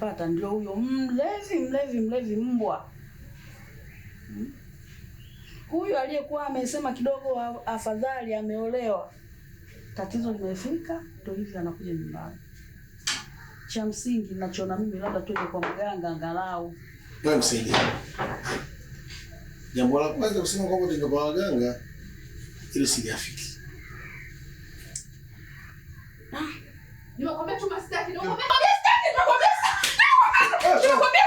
nimepata ndio huyo mm, mlevi mlevi mlevi mbwa hmm? huyo aliyekuwa amesema kidogo afadhali ameolewa, tatizo limefika, ndio hivi anakuja nyumbani. Cha msingi nachoona mimi, labda tuende kwa mganga angalau wewe msingi, Jambo la kwanza kusema kwamba tuende kwa waganga, ili sijafiki ah. Nakwambia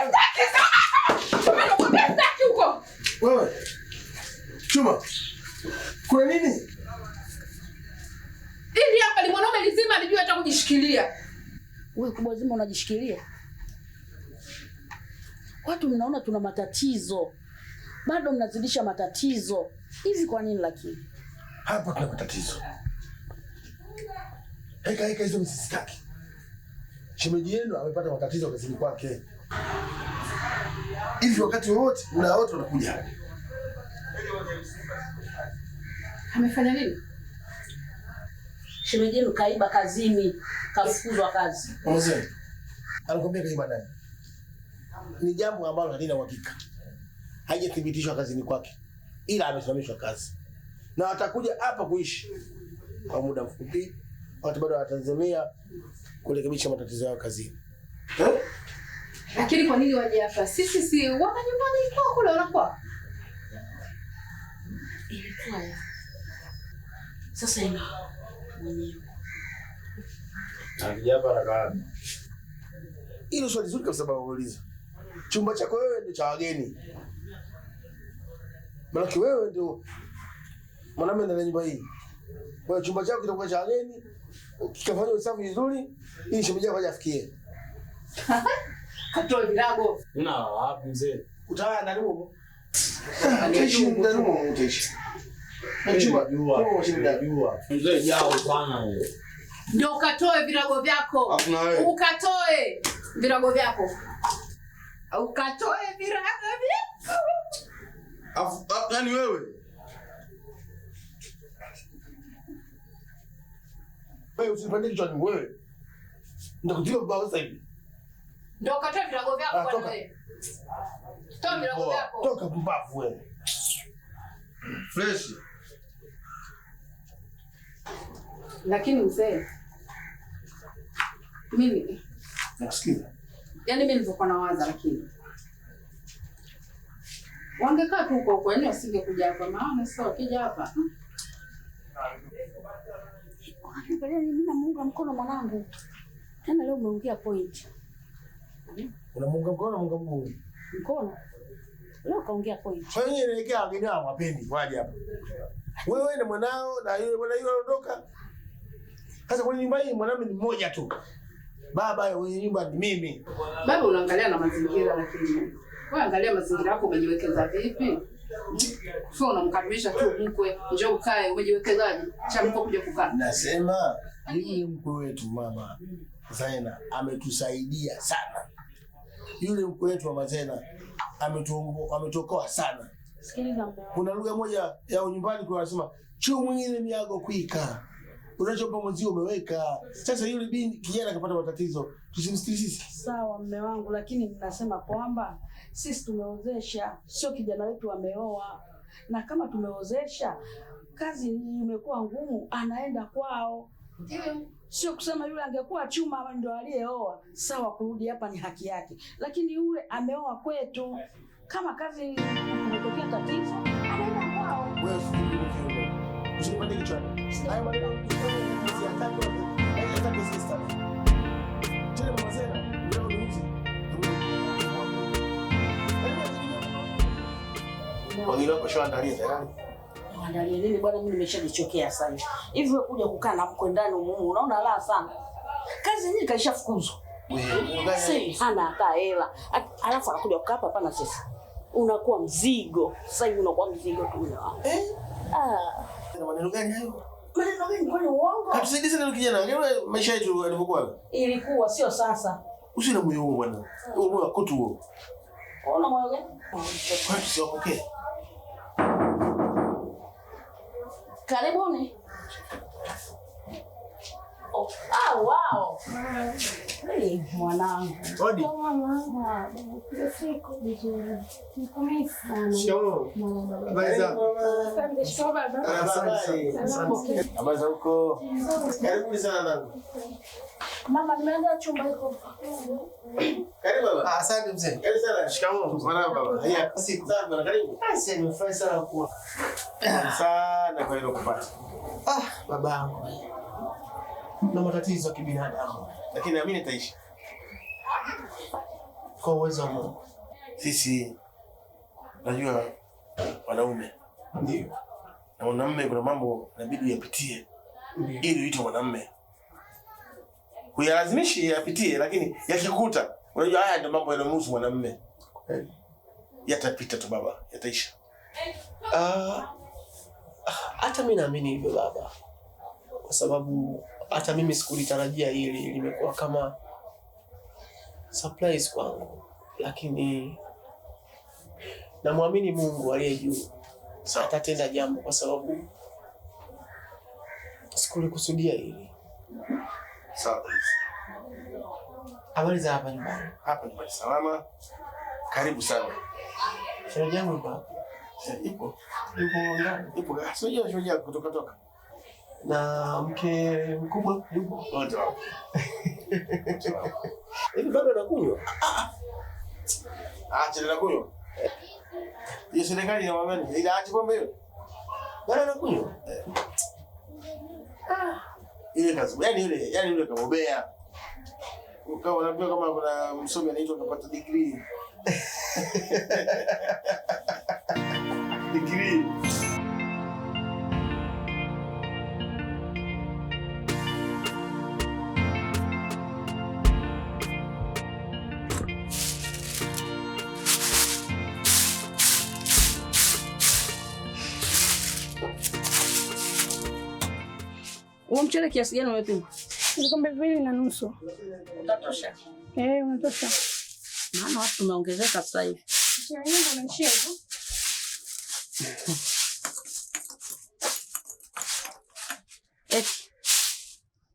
Wewe. Chuma. Kuna nini? Ili hapa ni mwanaume hata kujishikilia. Wewe kubwa zima unajishikilia. Watu mnaona tuna matatizo. Bado mnazidisha matatizo. Hivi kwa nini lakini? Hapa kuna matatizo. Heka heka hizo msisitaki. Shemeji yenu amepata matatizo kazini kwake hivi wakati wote muda wote wanakuja. Amefanya nini? Shemeji yenu kaiba kazini, kafukuzwa kazi. Mzee alikwambia kaiba nani? Ni jambo ambalo halina uhakika, haijathibitishwa kazini kwake, ila amesimamishwa kazi na atakuja hapa kuishi kwa muda mfupi. Watu bado wanatazamia kurekebisha matatizo yao kazini. Eh? Lakini kwa nini waje hapa? Sisi si wana nyumbani kwa kule wanakuwa. Ilikuwa ya. Sasa hivi mwenyewe. Akija hapa anakaa. Hilo swali zuri kabisa baba uliza. Chumba chako wewe ndio cha wageni. Maana wewe ndio mwanamume ndani ya nyumba hii. Kwa chumba chako kitakuwa cha wageni. Kikafanya usafi vizuri ili shemeji afikie. Katoe virago. Una wapi mzee? Najua. Najua. Mzee jao sana wewe. Ndio ukatoe virago vyako. Ukatoe virago vyako. Ukatoe virago vyako. Afu, nani wewe wewe usipande kichwani wewe. Ndio kutia baba sasa hivi. Ndio katoa virago vyako bwana ah, wewe. Toa virago vyako. Toka mbavu wewe. Fresh. Lakini mzee, mimi nasikia. Yaani mimi nilikuwa lakini wangekaa tu huko huko, yaani wasingekuja hapa, maana sasa wakija hapa mkono mwanangu. Tena leo umeongea Unamunga mkono unamunga mguu. Mkono. Leo kaongea kweli. Kwa hiyo inaelekea wageni hao wapendi waje hapa. Wewe na mwanao na yule bwana yule anaondoka. Sasa kwenye nyumba hii mwanaume ni mmoja tu. Baba wenye nyumba ni mimi. Baba unaangalia na mazingira lakini. Wewe angalia mazingira yako umejiwekeza vipi? Sio unamkaribisha tu mkwe, njoo ukae, umejiwekezaje? Cha mko kuja kukaa. Nasema yule mkwe wetu mama Zaina ametusaidia sana yule mkwe wetu wa Mazena ametuokoa sana. Kuna lugha moja ya nyumbani kwa wanasema chuu mwingine miago kuika, unachopa mwenzio umeweka. Sasa yule bini kijana akapata matatizo, sisi Sawa mme wangu, lakini ninasema kwamba sisi tumeozesha, sio kijana wetu ameoa, na kama tumeozesha kazi imekuwa ngumu, anaenda kwao. Ndiyo. Sio kusema yule angekuwa chuma ndo aliyeoa sawa, kurudi hapa ni haki yake, lakini yule ameoa kwetu. Kama kazi imetokea tatizo, anaenda kwao kuandalia nini bwana, mimi nimeshajichokea sana hivi. Wewe kuja kukaa na mkwe ndani umumu, unaona raha sana. Kazi nyingi kaishafukuzwa, si hana hata hela, alafu anakuja kukaa hapa pana. Sasa unakuwa mzigo, sasa hivi unakuwa mzigo tu na eh, ah, maneno gani hayo? Maneno gani? Kwani uongo? Hatusaidii na kijana, ngine maisha yetu yalivyokuwa, ilikuwa sio sasa. Usina moyo huo bwana, moyo wa kutu huo. Unaona moyo gani? Kwa nini sio okay? Karibuni yako. Ah, wow. Hey, mwanangu. Rodi. Siku vizuri. Nikumisi sana. Shikamoo. Habari za? Asante shikamoo baba. Ah, asante. Asante. Habari za huko? Karibu sana ndugu. Mama nimeanza chumba hiko. Karibu baba. Ah, asante mzee. Karibu sana. Shikamoo mwanangu baba. Haya, siku. Asante bwana, karibu. Ah, asante, nimefurahi sana kuwa. Sana kwa hilo kupata. Ah, babangu na matatizo ya kibinadamu, lakini naamini itaisha kwa uwezo wa Mungu. Sisi najua wanaume ndio, na mwanamume kuna mambo inabidi yapitie ili uitwe mwanamume. Huyalazimishi yapitie, lakini yakikuta, unajua haya ndio mambo yanayomhusu mwanamume, yatapita tu baba, yataisha. Uh, hata mi naamini hivyo baba, kwa sababu hata mimi sikulitarajia hili, limekuwa kama surprise kwangu, lakini namwamini Mungu aliye juu atatenda jambo, kwa sababu sikulikusudia hili. Habari za hapa nyumbani? Hapa nyumbani salama. Karibu sana. Shemeji yangu ipo. Ipo. Ipo. Ipo. Ipo. Ipo. Ipo. Ipo. Ipo na mke mkubwa yupo hivi bado anakunywa? Ah, Acha ah, anakunywa. Hiyo serikali ina mambo, ila acha pombe hiyo. Bado anakunywa. Ah, Ile kazi, yani yule, yani yule kamobea. Kama unaambiwa kama kuna msomi anaitwa kapata degree. Degree. Huo mchele kiasi gani umepima? Vikombe viwili na nusu. Unatosha? Eh, unatosha. Maana watu tumeongezeka sasa hivi. Eti, eh,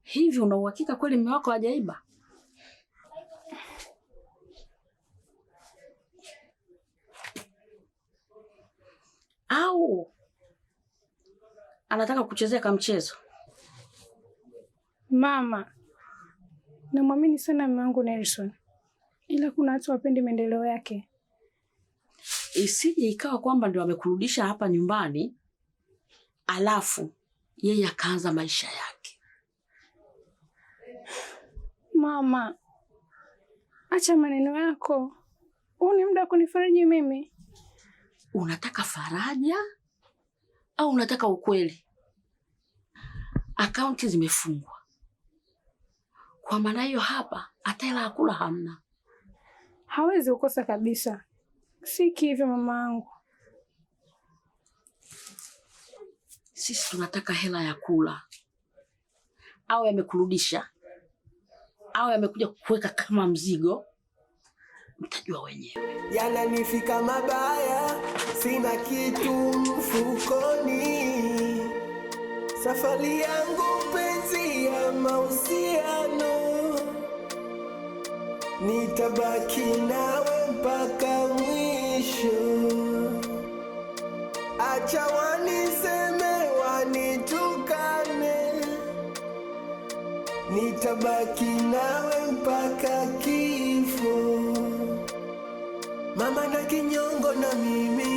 hivi una uhakika kweli mume wako hajaiba? Au anataka kuchezea kama mchezo? Mama, namwamini sana mume wangu Nelson, ila kuna watu wapendi maendeleo yake. Isije ikawa kwamba ndio amekurudisha hapa nyumbani alafu yeye akaanza maisha yake. Mama, acha maneno yako. Huu ni muda wa kunifariji mimi. Unataka faraja au unataka ukweli? Akaunti zimefungwa kwa maana hiyo hapa hata hela ya kula hamna. Hawezi kukosa kabisa, si kivyo mama yangu? Sisi tunataka hela ya kula, au yamekurudisha au yamekuja kuweka kama mzigo, mtajua wenyewe. Yananifika mabaya, sina kitu mfukoni, safari yangu penzi ya mahusiano nitabaki nawe mpaka mwisho. Acha waniseme, wanitukane, nitabaki nawe mpaka kifo. Mama na kinyongo na mimi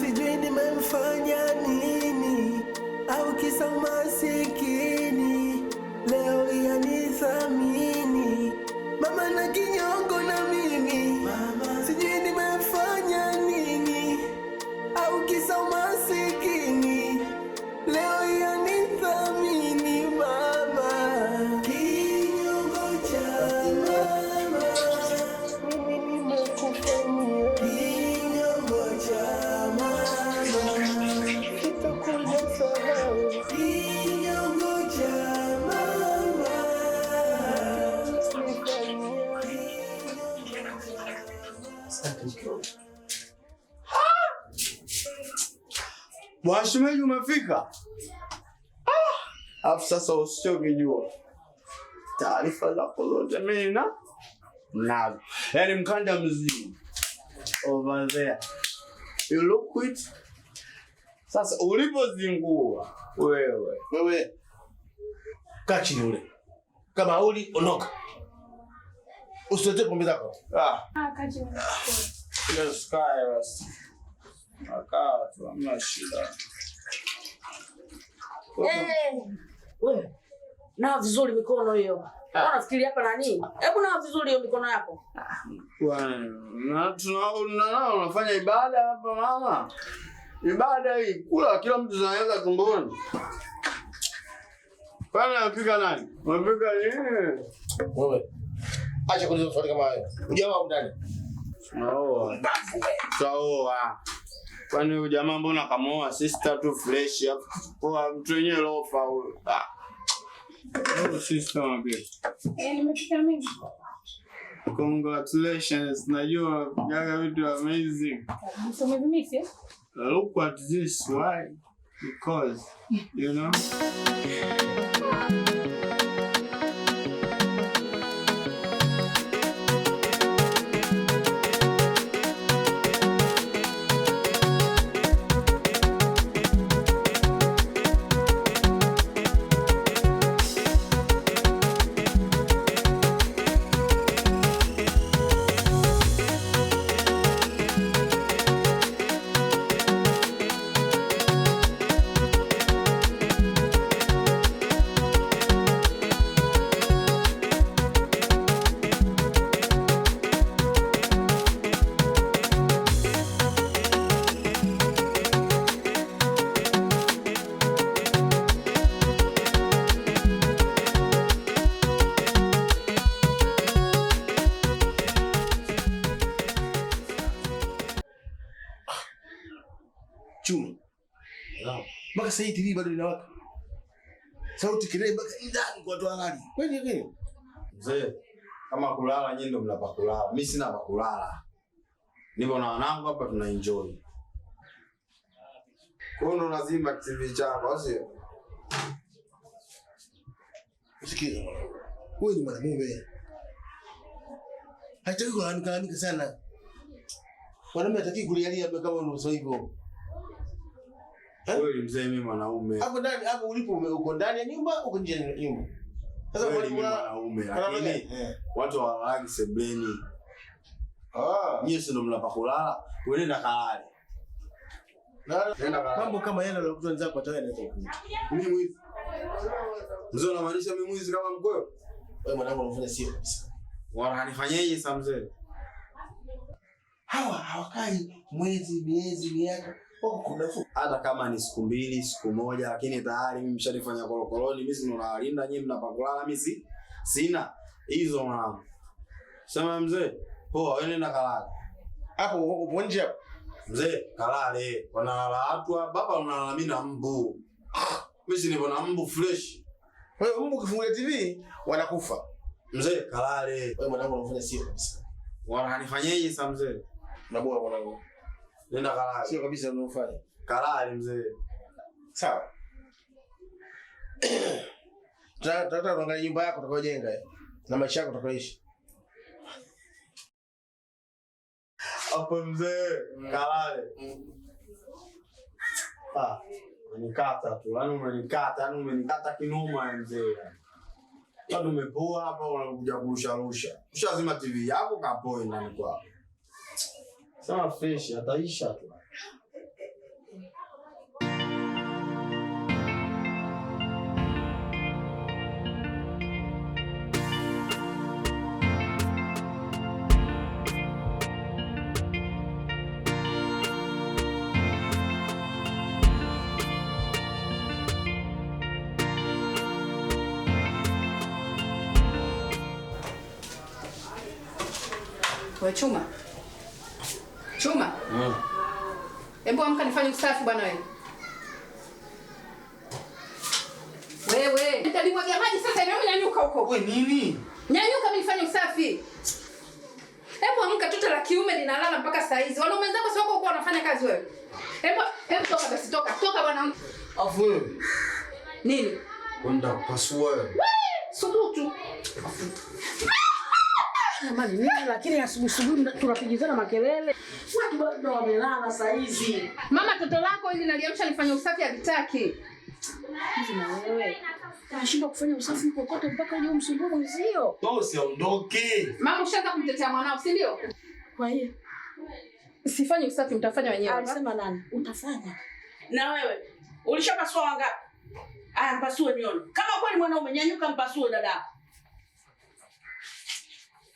sijui nimemfanya nini au kisa masikini leo yanithamini again. Mwashumeji shemeji umefika? Alafu sasa usichoke jua. Taarifa zako zote mimi na mnazo. Yaani mkanda mzima. Over there. You look it. Sasa ulipozingua wewe. Wewe Kachi chini ule. Kama uli onoka. Usilete pombe zako. Ah. Ah, kaa Sky basi akaa tu, hamna shida. Eh, na vizuri mikono hiyo, ah. nafikiri hapa nani, hebu na vizuri hiyo mikono yako. Tunao unafanya ibada hapa mama, ibada hii kula, kila mtu zinaweza tumboni Kwani anapika nani? Anapika nini? Wewe. Acha kuuliza swali kama hayo. Ujawabu ndani. Tutaoa. Kwani huyu jamaa mbona kamoa sister tu fresh hapo? Poa mtu wenyewe lofa huyo. Ah. Oh, sister mabie. Eh, nimefika mimi. Congratulations. Najua jaga vitu amazing. So mimi Look at this, why? Because, you know. bado linawaka sauti kireba ndani kwa watu wangali kweli kweli. Mzee kama kulala, nyinyi ndio mnapa kulala, mimi sina pa kulala, Nipo na wanangu hapa tuna enjoy. Kwa ndo lazima TV chako, au sio? Sikia, huyu ni mwanamume hataki kuanika anika sana, Wanaume hataki kulialia kama unavyosema hivyo Eh? Wewe mzee, mimi mwanaume. Hapo ndani hapo ulipo uko ndani ya nyumba, uko nje ya nyumba. Sasa kwa nini mwanaume lakini eh. watu hawalali sebleni. Ah, nyie sio mnapa kulala, wewe nenda kalale. Mambo kama yale ndio mtu anza kupata wewe ndio. Mimi mwizi. Mzee unamaanisha mimi mwizi kama mkweo? Wewe mwanangu unafanya sio kabisa. sasa mzee? Hawa hawakai mwezi, miezi, miaka Oh, hata kama ni siku mbili siku moja, lakini tayari mimi mshanifanya korokoroni. Mimi sina nawalinda nyinyi, mnapakulala mimi sina hizo. Mwanangu sema mzee, poa wewe, nenda kalale hapo uko nje hapo. Mzee kalale, wanalala watu baba, unalala mimi na mbu. Mimi si nivona mbu fresh. Wewe mbu ukifungulia TV wanakufa. Mzee kalale wewe, mwanangu unafanya sio kabisa. Wananifanyaje sasa mzee? Na bora mwanangu Nenda kalale. Sio kabisa unaofanya. Kalale mzee. Sawa. Tata tuangalie nyumba yako utakayojenga eh, na maisha yako utakayoishi. Hapo mzee, kalale. Ah, umenikata tu. Yaani umenikata, yaani umenikata kinoma mzee. Bado yaani umepoa hapa unakuja kurusha rusha. Ushazima TV yako kapoa ndani kwako. Tamam fresh ya. Dayı şartlar. Вы о чем? Chuma. Mm. Hebu amka nifanye usafi bwana wewe. Wewe, nitalimwagia maji sasa hivi nyanyuka huko. Wewe nini? Nyanyuka nifanye usafi. Hebu amka, tuta la kiume linalala mpaka saa hizi. Wanaume wenzako sio huko wanafanya kazi wewe. Hebu hebu toka basi toka. Toka bwana. Afu Nini? Kwenda kupasua wewe. Subutu. Afu. Jamani nini lakini asubuhi asubuhi tunapigizana makelele. Watu bado wamelala saa hizi. Mama toto lako ili naliamsha lifanye usafi havitaki. Na wewe. Unashindwa kufanya usafi kokote mpaka uje umsumbue mwenzio. Bosi aondoke. Mama ushaanza kumtetea mwanao, si ndio? Kwa hiyo sifanye usafi mtafanya wenyewe. Alisema ah, nani? Utafanya. Na wewe ulishapasua wangapi? Aya, mpasue nyono. Kama kweli mwanaume nyanyuka, mpasue dada.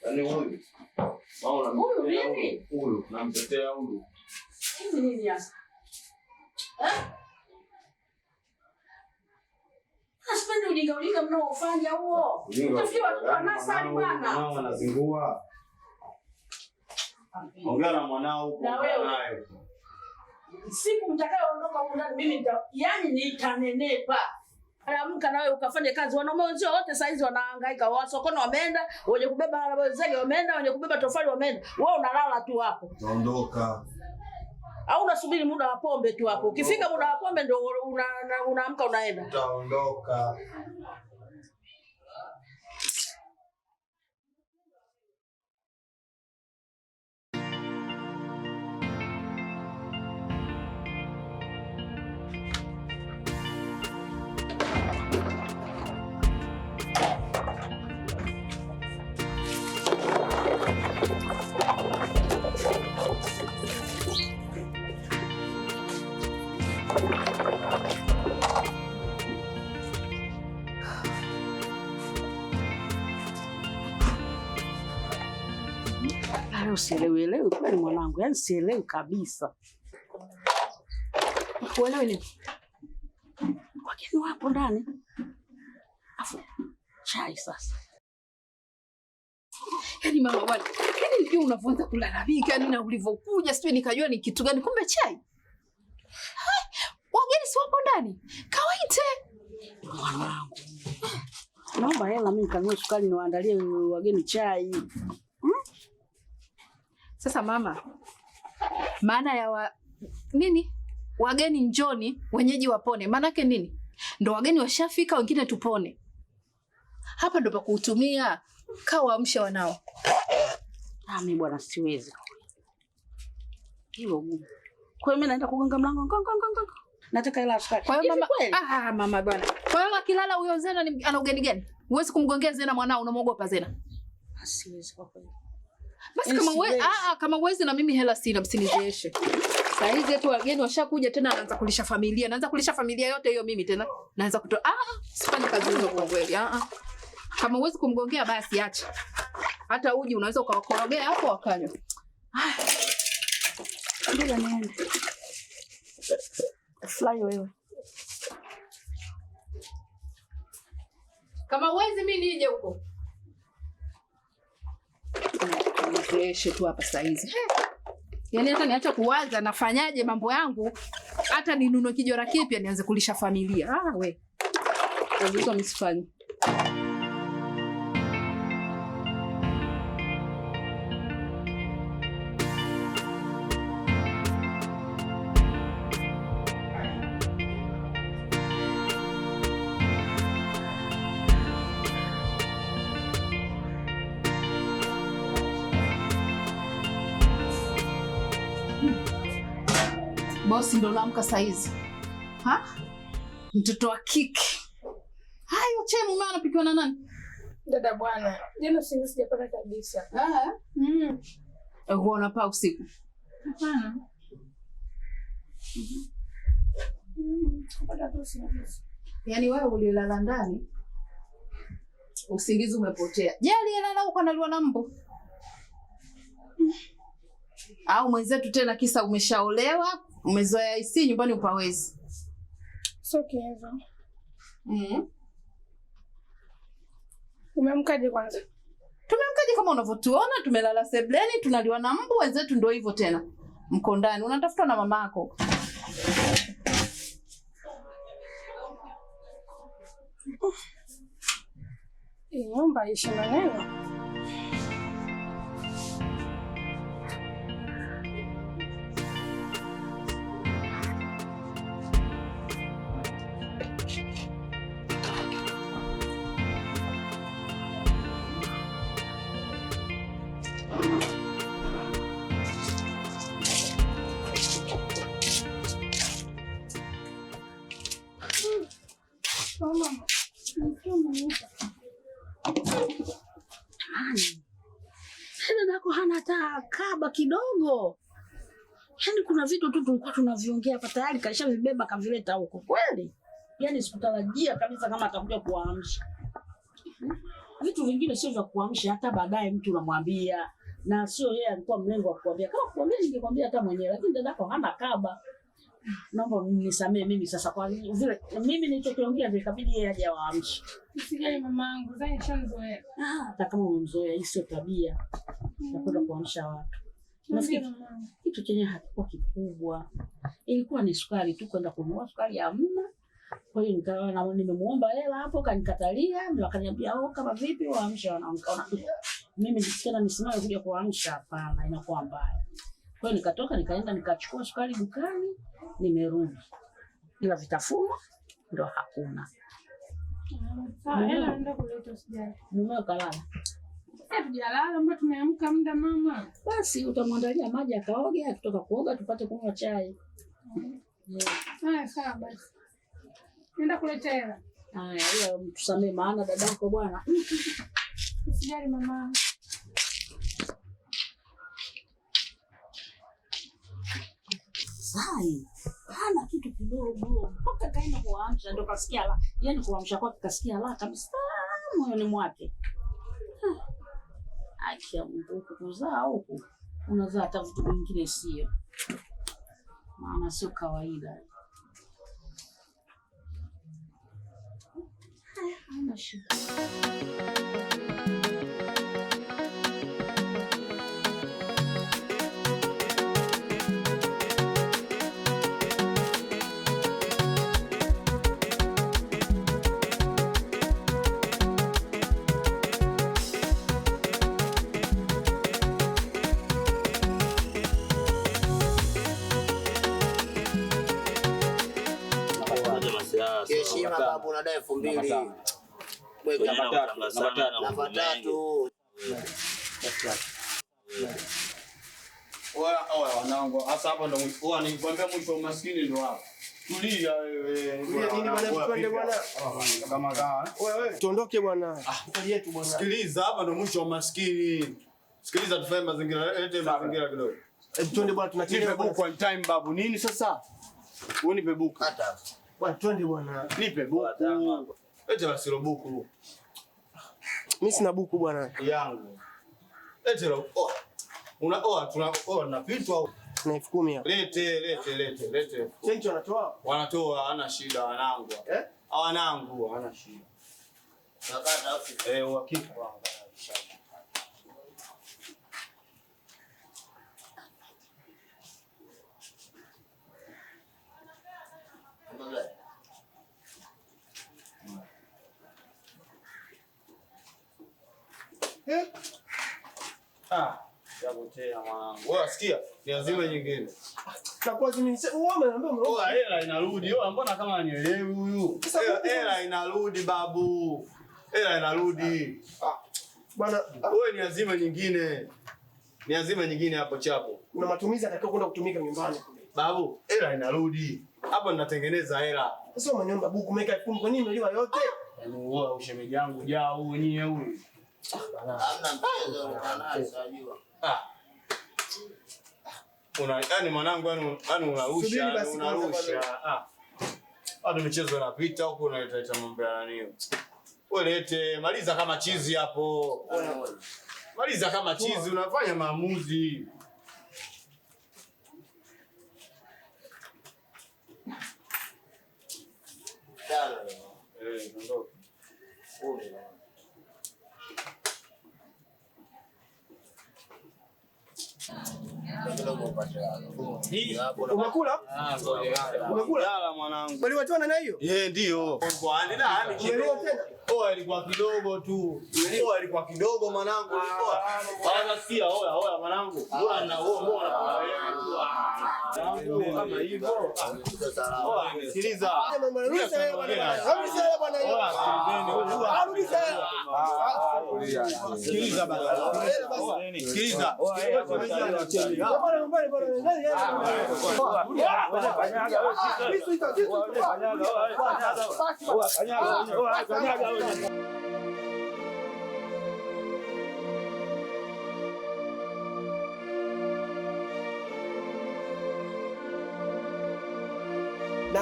Yaani huyu. Wao na huyu vipi? Huyu namtetea huyu. Hizi nini hasa? Eh? Asipendi ah, ujinga ujinga mnaofanya huo. Utafikia watoto wanasali bwana. Nao wanazingua. Ongea na mwanao huko. Na wewe. Siku mtakayoondoka huko ndani mimi nita yaani nitanenepa. Amka nawe ukafanye kazi. Wanaume wenzio wote saizi hizi wanahangaika, wasokono wameenda, wenye kubeba zege wameenda, wenye kubeba tofali wameenda, wewe unalala tu hapo, naondoka au unasubiri muda wa pombe tu hapo? Ukifika muda wa pombe ndio unaamka, una, una unaenda, utaondoka. sielewi elewi kweli mwanangu, yaani sielewi kabisa. Kuelewi nini? Wageni wapo ndani, afu chai sasa. Yaani mama bwana, yaani ndio unavyoanza kulalamika yaani, na ulivyokuja sijui nikajua ni kitu gani, kumbe chai. Wageni si wapo ndani, kawaite mwanangu. Naomba hela mimi kanunue sukari niwaandalie wageni chai. Sasa mama, maana ya wa, nini wageni njoni wenyeji wapone, maana yake nini? Ndo wageni washafika, wengine tupone. Hapa ndo pa kuutumia. Kaa waamshe wanao. Ah, mimi bwana, siwezi Hiyo gumu. Kwa hiyo mimi naenda kugonga mlango ngongongongo. Nataka hela askari. Kwa hiyo mama, ah, ah mama bwana. Kwa hiyo akilala huyo Zena ana ugeni gani? Huwezi kumgongea Zena mwanao, unamwogopa Zena? Ah, siwezi kwa kweli. Basi kama we, aa, ah, ah, kama uwezi na mimi hela sina, msinizeeshe. Saa hizi tu wageni washakuja tena, naanza kulisha familia, naanza kulisha familia yote hiyo, mimi tena naanza kutoa. Ah, ah sifanyi kazi hizo kwa kweli. Ah, kama uwezi kumgongea basi acha. Hata uji unaweza ukawakorogea hapo wakanywa. ndio niende. Fly wewe. Kama uwezi mimi nije huko nizeeshe tu hapa saa hizi. Yaani hata niacha kuwaza nafanyaje mambo yangu, hata ninunue kijora kipya nianze kulisha familia. Ah, we. Kwa hizo msifanyi. ndo unaamka saa hizi ha? Mtoto wa kike hayo chai, mume anapikiwa na nani? Dada bwana, jana singi sijapata kabisa. Hmm. Eh, huwa unapaa usiku? Mm-hmm. Hapana. Yaani wewe ulilala ndani usingizi umepotea. Je, aliyelala huko analiwa na mbu mm. au mwenzetu tena, kisa umeshaolewa Umezoea isi nyumbani upawezi. Sio Mm -hmm. Umeamkaje kwanza? Tumeamkaje kama unavyotuona, tumelala sebleni, tunaliwa na mbu wenzetu, ndio hivyo tena. Mko ndani unatafuta na mamako. Nyumba ishi maneno. baba kidogo. Yaani kuna vitu tu tulikuwa tunaviongea hapa tayari kalishavibeba kavileta huko. Kweli? Yaani sikutarajia kabisa kama atakuja kuamsha. Vitu vingine sio vya kuamsha, hata baadaye mtu unamwambia na sio yeye alikuwa mlengo wa kuambia. Kama kuambia ningekwambia hata mwenyewe, lakini dadako hana kaba. Naomba nisamee mimi sasa, kwa vile mimi nilichokiongea vile kabidi yeye aje awaamshe. Usijali mamangu, zai chanzo wewe. Ah, hata kama umemzoea, hii sio tabia. Nakwenda kuamsha watu kitu chenye hakikuwa kikubwa, ilikuwa ni sukari tu, kwenda kununua sukari hamna. Kwa hiyo nikaona na nimemuomba hela hapo, kanikatalia, ndio akaniambia oh, kama vipi waamsha wanaonekana. Mimi tena nisimame kuja kuamsha, hapana, inakuwa mbaya. Kwa hiyo nikatoka nikaenda nikachukua sukari dukani, nimerudi, ila vitafunwa ndo hakuna. Ah, Mumeo kalala Hatujalala mbona tumeamka muda mama? Basi utamwandalia maji akaoge, akitoka kuoga tupate kunywa chai. Haya sawa basi. Nenda kuletea Haya, hiyo mtusamee maana dadako bwana. Usijali mama. Sai, hana kitu kidogo. Mpaka kaenda kuamsha ndio kasikia la. Yaani kuamsha kwake kasikia la kabisa moyoni mwake haki ya Mungu kuzaa huku, unazaa hata vitu vingine sio, maana sio kawaida. Haya, hana shida. heshima babu, unadai elfu mbili namba tatu. Wanangu, hasa hapa ndo nikuambia mwisho umaskini ndo hapa. Tuondoke ah, bwana. Sikiliza, hapa ndo mwisho umaskini. Sikiliza, tufanye mazingira yetu mazingira kidogo. Twende bwana, tunachelewa. Nipe book on time babu. Nini sasa? Wewe nipe Hata. Bwana twende bwana. Nipe buku. Leta basi buku. Mimi sina buku bwana. Yangu. Oh. na vitu au na elfu kumi hapo. Lete lete lete lete. wanatoa? Wanatoa, hana shida wanangu. Eh? hana shida. eh, uhakika Ah, yapotea mwanangu. hela inarudi. Wewe mbona kama hanielewi huyu? Hela inarudi babu. Hela inarudi. Ah, bwana, ah. wewe ni lazima nyingine. Ni lazima nyingine hapo chapo. Kuna matumizi atakao kwenda kutumika nyumbani. Babu, hela inarudi. Hapo ninatengeneza hela. Sasa umeniomba buku meka 10 kwa nini umeliwa yote? Ah! Yaani ushemeji yangu jao wenyewe huyu. Yaani mwanangu, yaani unarusha unarusha, ah. bado michezo inapita huko, unaleta leta mambo ya nani? Ulete maliza kama chizi hapo, maliza kama chizi, unafanya maamuzi Unakula? Unakula? Mwanangu. Waliwachana na hiyo? Eh, ndio. Oa ilikuwa kidogo tu. Oa ilikuwa kidogo mwanangu. Bwana si oa, oa mwanangu. Ah. Bwana, wewe mbona? kama hivyo. Sikiliza sikiliza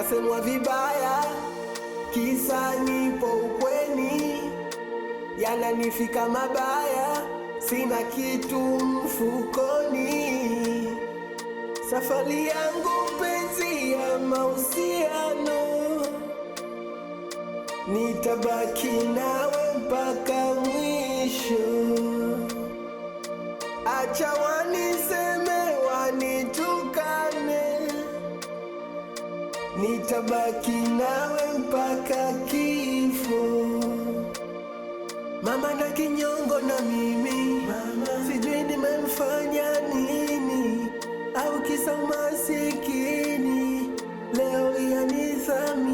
nasemwa vibaya, kisa nipo ukweni, yananifika mabaya, sina kitu mfukoni. Safari yangu penzi ya mahusiano, nitabaki nawe mpaka mwisho. Acha nitabaki nawe mpaka kifo. Mama na kinyongo na mimi sijui nimemfanya nini, au kisa umasikini leo yanizami